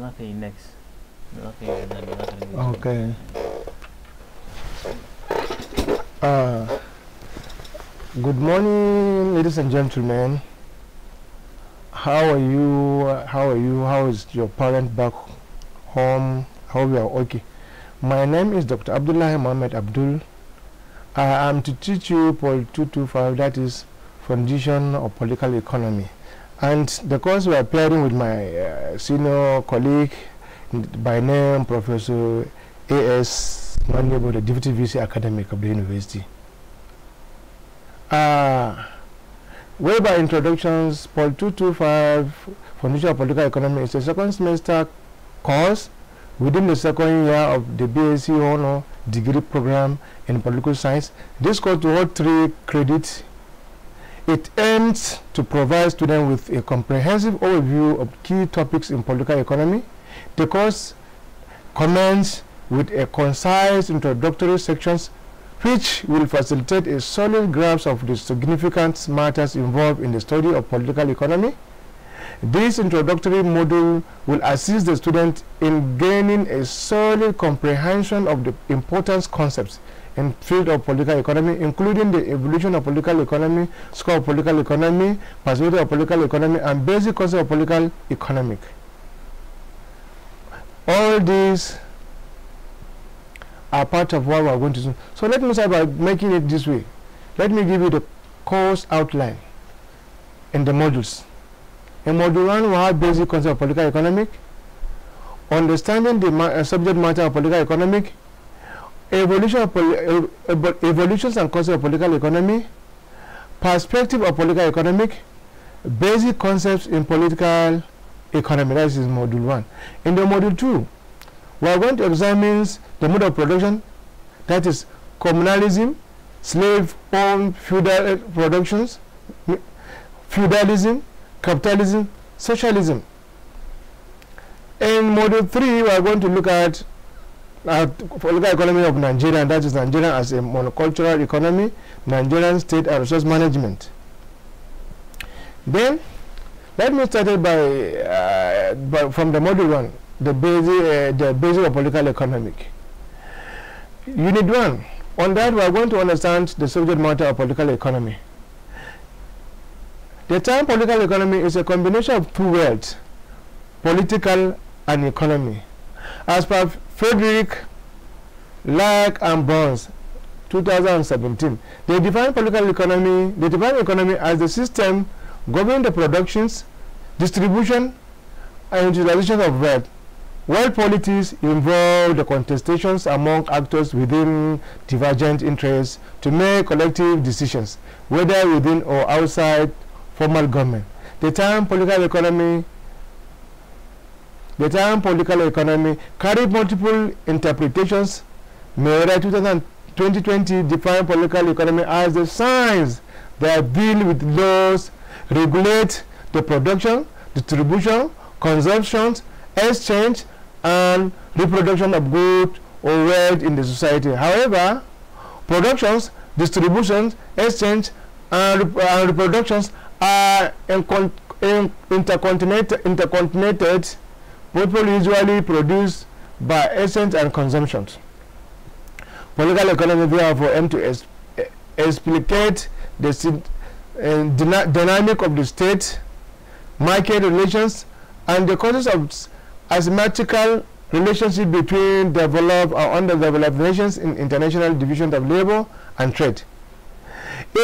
nothing next. and then Okay. Uh, good morning, ladies and gentlemen. How are you? How are you? How is your parent back home? How you are okay? My name is Dr. Abdullah Mohammed Abdul. I am to teach you Pol 225, that is Foundation of Political Economy. And the course we are planning with my uh, senior colleague by name Professor A.S. Manuel, the Deputy VC Academic of the University. Uh, ah, whereby introductions, 225, Foundation of Political Economy is a second semester course within the second year of the BSc Honor degree program in political science. This course will all three credits it aims to provide students with a comprehensive overview of key topics in political economy. The course commences with a concise introductory sections which will facilitate a solid grasp of the significant matters involved in the study of political economy. This introductory module will assist the student in gaining a solid comprehension of the important concepts in field of political economy, including the evolution of political economy, scope of political economy, possibility of political economy, and basic concept of political economic. All these are part of what we are going to do. So let me start by making it this way. Let me give you the course outline in the modules. In module 1, we have basic concept of political economic, understanding the ma uh, subject matter of political economic, evolution of evolutions and concept of political economy, perspective of political economic, basic concepts in political economy. That is module one. In the module two, we are going to examine the mode of production, that is communalism, slave-owned feudal eh, productions, feudalism, capitalism, socialism. In module three, we are going to look at uh, political economy of Nigeria, and that is Nigeria as a monocultural economy, Nigerian state and resource management. Then, let me start by, uh, by from the module one, the basic, uh, the basic of political economic. Unit one, on that we are going to understand the subject matter of political economy. The term political economy is a combination of two words, political and economy. As per Frederick Lack and Burns, 2017. They define political economy, they define economy as the system governing the productions, distribution, and utilization of wealth, while politics involve the contestations among actors within divergent interests to make collective decisions, whether within or outside formal government. The term political economy the term political economy carried multiple interpretations. Mayra 2020 defined political economy as the science that deal with laws, regulate the production, distribution, consumption, exchange, and reproduction of goods or wealth in the society. However, productions, distributions, exchange, and, rep and reproductions are in People usually produced by essence and consumption. Political economy therefore aims to eh, explicate the uh, eh, dyna dynamic of the state, market relations, and the causes of asymmetrical relationship between developed and underdeveloped nations in international division of labor and trade.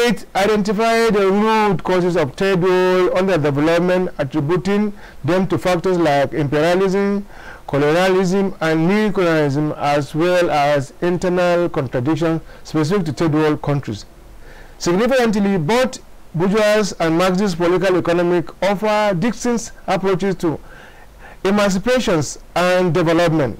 It identified the root causes of third world underdevelopment, attributing them to factors like imperialism, colonialism, and neocolonialism, as well as internal contradictions specific to third world countries. Significantly, both bourgeois and Marxist political economic offer distinct approaches to emancipations and development.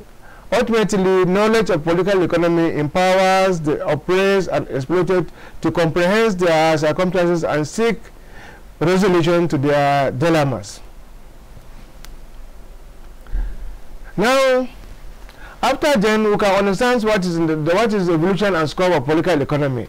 Ultimately, knowledge of political economy empowers the oppressed and exploited to comprehend their circumstances and seek resolution to their dilemmas. Now, after then, we can understand what is the, what is the evolution and scope of political economy.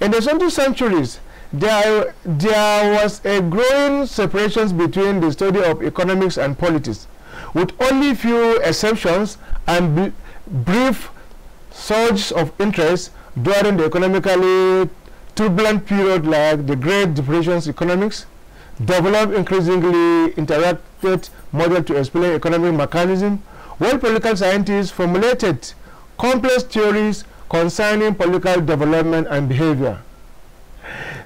In the 20th centuries, there, there was a growing separation between the study of economics and politics, with only few exceptions and brief surges of interest during the economically turbulent period like the Great Depression's economics, develop increasingly interactive model to explain economic mechanism, while political scientists formulated complex theories concerning political development and behavior.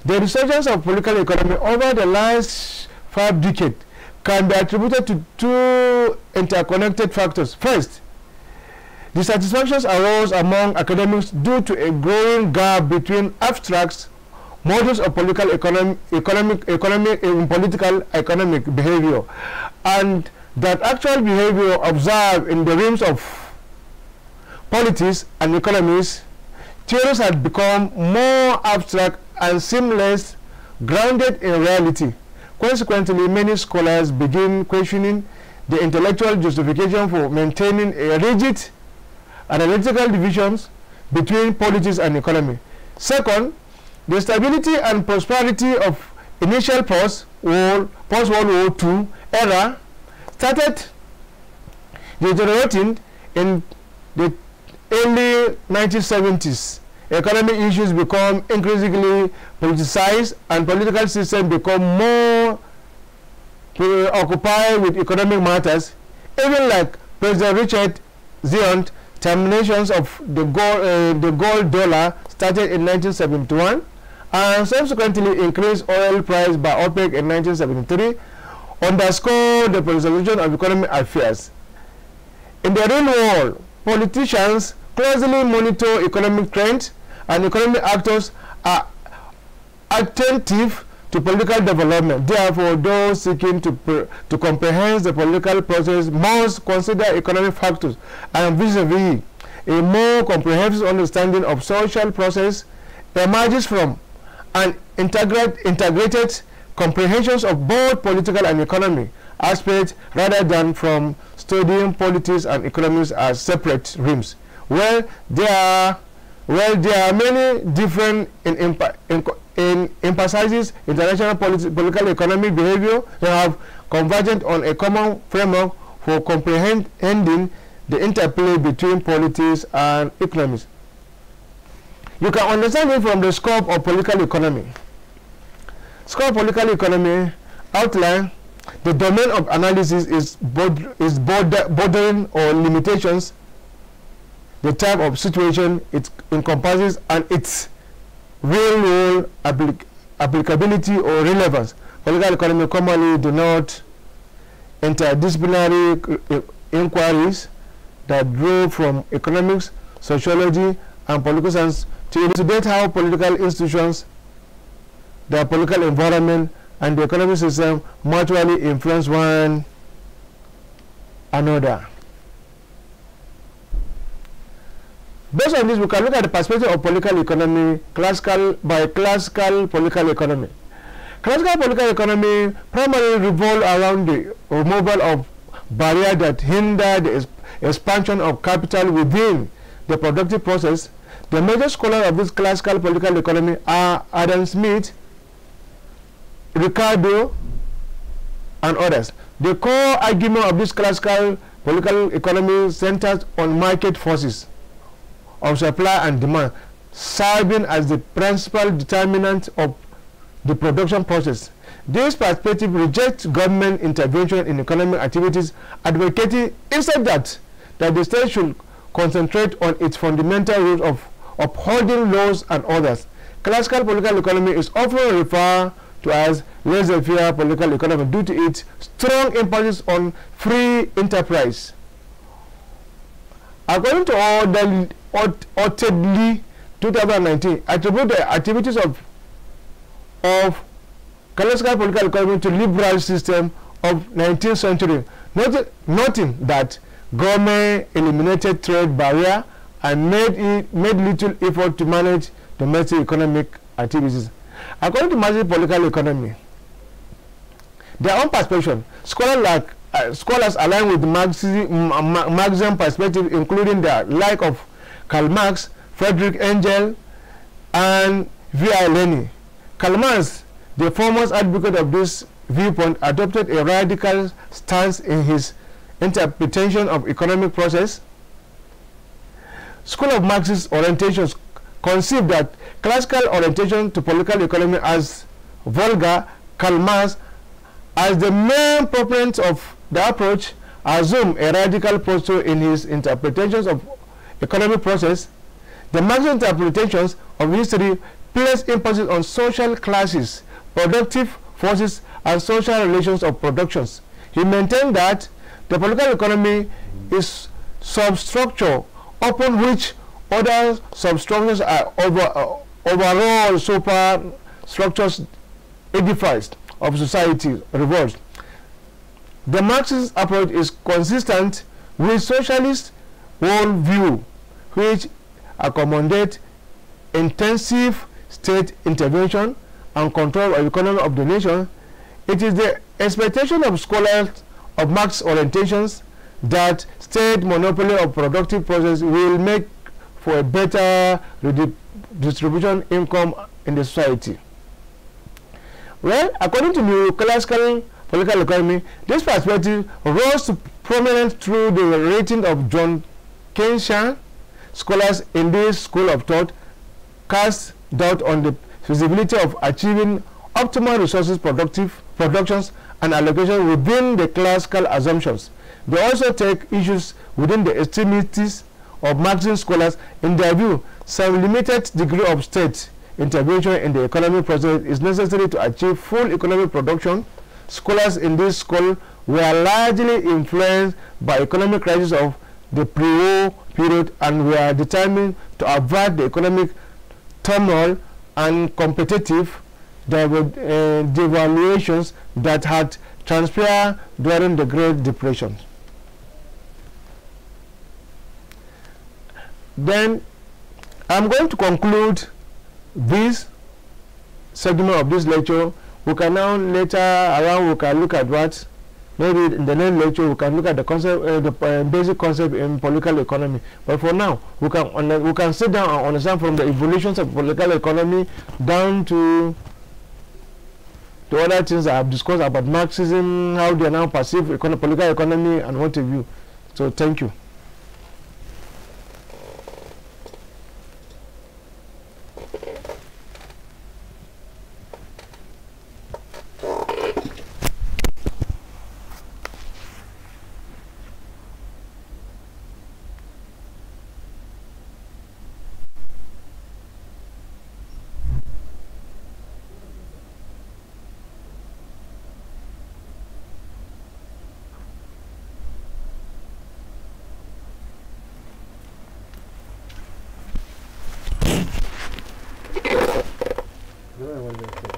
The resurgence of political economy over the last five decades can be attributed to two interconnected factors. First, Dissatisfactions arose among academics due to a growing gap between abstracts, models of political, economic, economic, economic, eh, political economic behavior, and that actual behavior observed in the realms of politics and economics, theories had become more abstract and seemingly grounded in reality. Consequently, many scholars begin questioning the intellectual justification for maintaining a rigid and analytical divisions between politics and economy. Second, the stability and prosperity of initial post war post -World War II era started deteriorating in the early 1970s. Economic issues become increasingly politicized and political system become more preoccupied with economic matters, even like President Richard Zion terminations of the gold, uh, the gold dollar started in 1971 and subsequently increased oil price by OPEC in 1973 underscored the resolution of economic affairs. In the real world, politicians closely monitor economic trends and economic actors are attentive to political development. Therefore, those seeking to, to comprehend the political process must consider economic factors and vis-a-vis a more comprehensive understanding of social process emerges from an integrate, integrated comprehensions of both political and economic aspects rather than from studying politics and economics as separate realms. Well, there are, well, there are many different in, in, in in, emphasizes international politi political economic behavior that have converged on a common framework for comprehending the interplay between politics and economics. You can understand it from the scope of political economy. Scope of political economy outline the domain of analysis is, border, is border, bordering or limitations, the type of situation it encompasses and its real world applic applicability or relevance. Political economy commonly do not interdisciplinary inquiries that draw from economics, sociology, and political science to elucidate how political institutions, the political environment, and the economic system mutually influence one another. Based on this, we can look at the perspective of political economy classical by classical political economy. Classical political economy primarily revolved around the removal of barriers that hindered the expansion of capital within the productive process. The major scholars of this classical political economy are Adam Smith, Ricardo, and others. The core argument of this classical political economy centers on market forces of supply and demand serving as the principal determinant of the production process. This perspective rejects government intervention in economic activities, advocating instead that, that the state should concentrate on its fundamental rules of upholding laws and others. Classical political economy is often referred to as laissez-faire political economy due to its strong emphasis on free enterprise. According to all the Utterly, 2019 attribute the activities of of classical political economy to liberal system of 19th century Not, noting that government eliminated trade barrier and made it, made little effort to manage domestic economic activities according to marxist political economy their own perspective scholars like uh, scholars align with marxism, marxism perspective including their lack of Karl Marx, Frederick Engel, and V.I. Lenin. Karl Marx, the foremost advocate of this viewpoint, adopted a radical stance in his interpretation of economic process. School of Marxist orientations conceived that classical orientation to political economy as vulgar, Karl Marx, as the main proponent of the approach, assumed a radical posture in his interpretations of economic process, the Marxist interpretations of history place emphasis on social classes, productive forces, and social relations of productions. He maintained that the political economy is substructure upon which other substructures are over, uh, overall superstructures edified of society revolves. The Marxist approach is consistent with socialist whole view which accommodate intensive state intervention and control of economy of the nation, it is the expectation of scholars of Marx orientations that state monopoly of productive process will make for a better redistribution income in the society. Well, according to new classical political economy, this perspective rose to prominence through the writing of John Keynesian scholars in this school of thought cast doubt on the feasibility of achieving optimal resources productive productions and allocation within the classical assumptions. They also take issues within the extremities of Marxian scholars. In their view, some limited degree of state intervention in the economic process is necessary to achieve full economic production. Scholars in this school were largely influenced by economic crisis of the pre-war period and we are determined to avoid the economic turmoil and competitive eh, devaluations that had transpired during the Great Depression. Then I'm going to conclude this segment of this lecture. We can now later around we can look at what Maybe in the next lecture we can look at the concept, uh, the uh, basic concept in political economy. But for now, we can we can sit down and understand from the evolutions of political economy down to the other things I have discussed about Marxism, how they are now perceived economic, political economy, and what have you. So thank you. 哎，我这个。